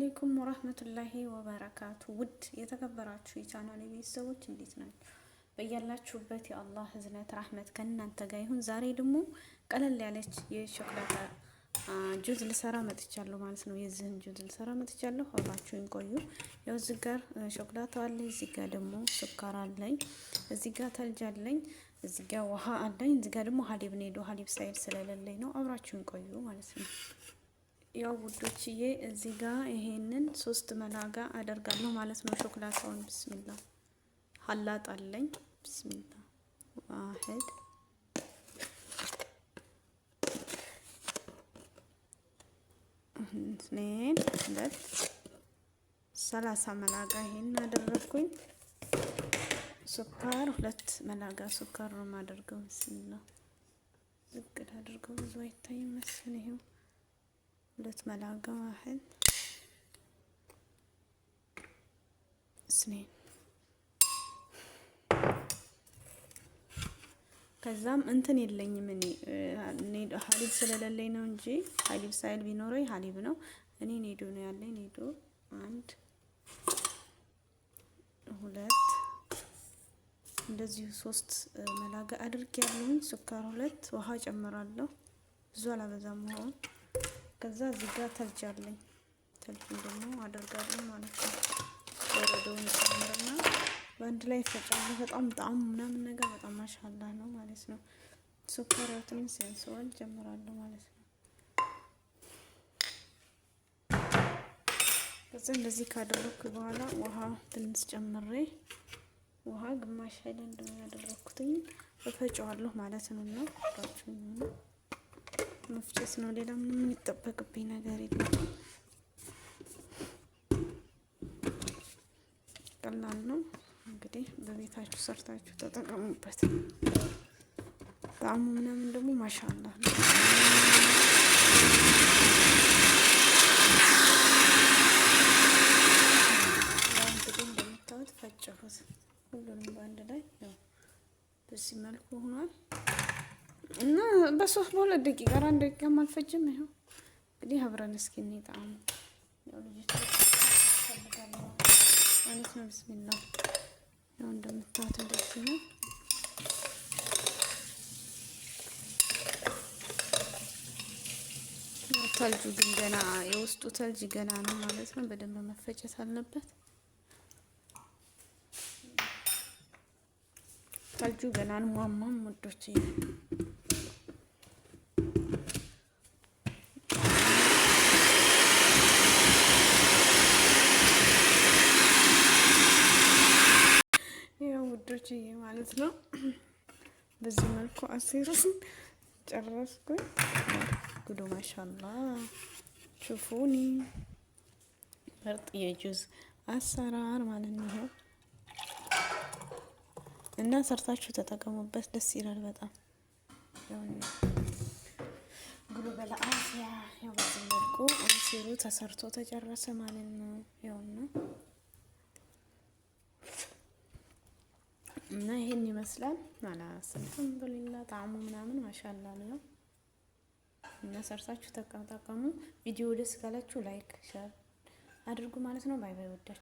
አሌይኩም ወራህመቱላሂ ወበረካቱ። ውድ የተከበራችሁ የቻናል ቤተሰቦች እንዴት ናቸው? በያላችሁበት የአላህ ህዝነት ራህመት ከእናንተ ጋር ይሁን። ዛሬ ደግሞ ቀለል ያለች የሸክላታ ጁዝ ልሰራ መጥቻለሁ ማለት ነው። የዚህን ጁዝ ልሰራ መጥቻለሁ። አብራችሁን ቆዩ። ያው እዚህ ጋር ሾክላታ አለ እዚህ ጋር ደግሞ ስኳር አለኝ፣ እዚህ ጋር ተልጅ አለኝ፣ እዚህ ጋር ውሃ አለኝ፣ እዚህ ጋር ደግሞ ሀሊብ ነው። ሀሊብ ሳይል ስለሌለኝ ነው። አብራችሁን ቆዩ ማለት ነው። ያው ውዶችዬ እዚህ ጋ ይሄንን ሶስት መላጋ አደርጋለሁ ማለት ነው። ሾክላታውን ብስሚላ ሀላጥ አለኝ። ብስሚላ ዋህድ ስኔን ሁለት ሰላሳ መላጋ ይሄን አደረግኩኝ። ሱካር ሁለት መላጋ ሱካር ነው የማደርገው። ብስሚላ ዝቅድ አድርገው ብዙ አይታይ መስል ሁለት መላጋ ያህል ስኔን ከዛም እንትን የለኝም እኔ እኔ ሀሊብ ስለሌለኝ ነው እንጂ ሀሊብ ሳይል ቢኖረኝ ሀሊብ ነው። እኔ ኔዶ ነው ያለኝ። ኔዶ አንድ ሁለት እንደዚሁ ሶስት መላጋ አድርጌ ያለሁኝ። ስኳር ሁለት ውሃ ጨምራለሁ። ብዙ አላበዛም ውሃውን ከዛ እዚህ ጋር ተልጅ አለኝ። ተልጅን ደግሞ አደርጋለሁ ማለት ነው። ወረደውን ጨምርና በአንድ ላይ ይፈጫለሁ። በጣም ጣም ምናምን ነገር በጣም ማሻላ ነው ማለት ነው። ሱካሪያቱን ሴንስዋል ጀምራለሁ ማለት ነው። ከዛ እንደዚህ ካደረኩ በኋላ ውሃ ትንሽ ጨምሬ ውሃ ግማሽ ሀይል ነው ያደረኩትኝ እፈጨዋለሁ ማለት ነው እና መፍጨት ነው። ሌላ ምንም የሚጠበቅብኝ ነገር የለም። ቀላል ነው። እንግዲህ በቤታችሁ ሰርታችሁ ተጠቀሙበት። ጣዕሙ ምናምን ደግሞ ማሻላ እንግዲህ እንደምታዩት ፈጨሁት ሁሉንም በአንድ ላይ ያው በዚህ መልኩ ሆኗል። እና በሶስት በሁለት ደቂቃ አንድ ደቂቃ አልፈጅም። ይኸው እንግዲህ አብረን እስኪ እንጣሙ ማለት ነው። ብስሚላ ያው እንደምታዩት እንደዚህ ነው። ተልጁ ግን ገና የውስጡ ተልጅ ገና ነው ማለት ነው። በደንብ መፈጨት አለበት። ተልጁ ገና ነው። ሟሟም ወዶች ያው ውዶች ማለት ነው። በዚህ መልኩ አሴሩን ጨረስኩኝ። ጉዱ ማሻላ ሹፉኒ ፈርጥ የጁዝ አሰራር ማለት ነው እና ሰርታችሁ ተጠቀሙበት። ደስ ይላል በጣም ጉዱ በለአያ ያው በዚህ መልኩ አሲሩ ተሰርቶ ተጨረሰ ማለት ነው። እና ይሄን ይመስላል አናናስ። አልሐምዱሊላህ ጣዕሙ ምናምን ማሻላ ነው። እና ሰርታችሁ ተጠቀሙ። ቪዲዮ ደስ ካላችሁ ላይክ ሸር አድርጉ ማለት ነው። ባይ ባይ። ወዳችሁ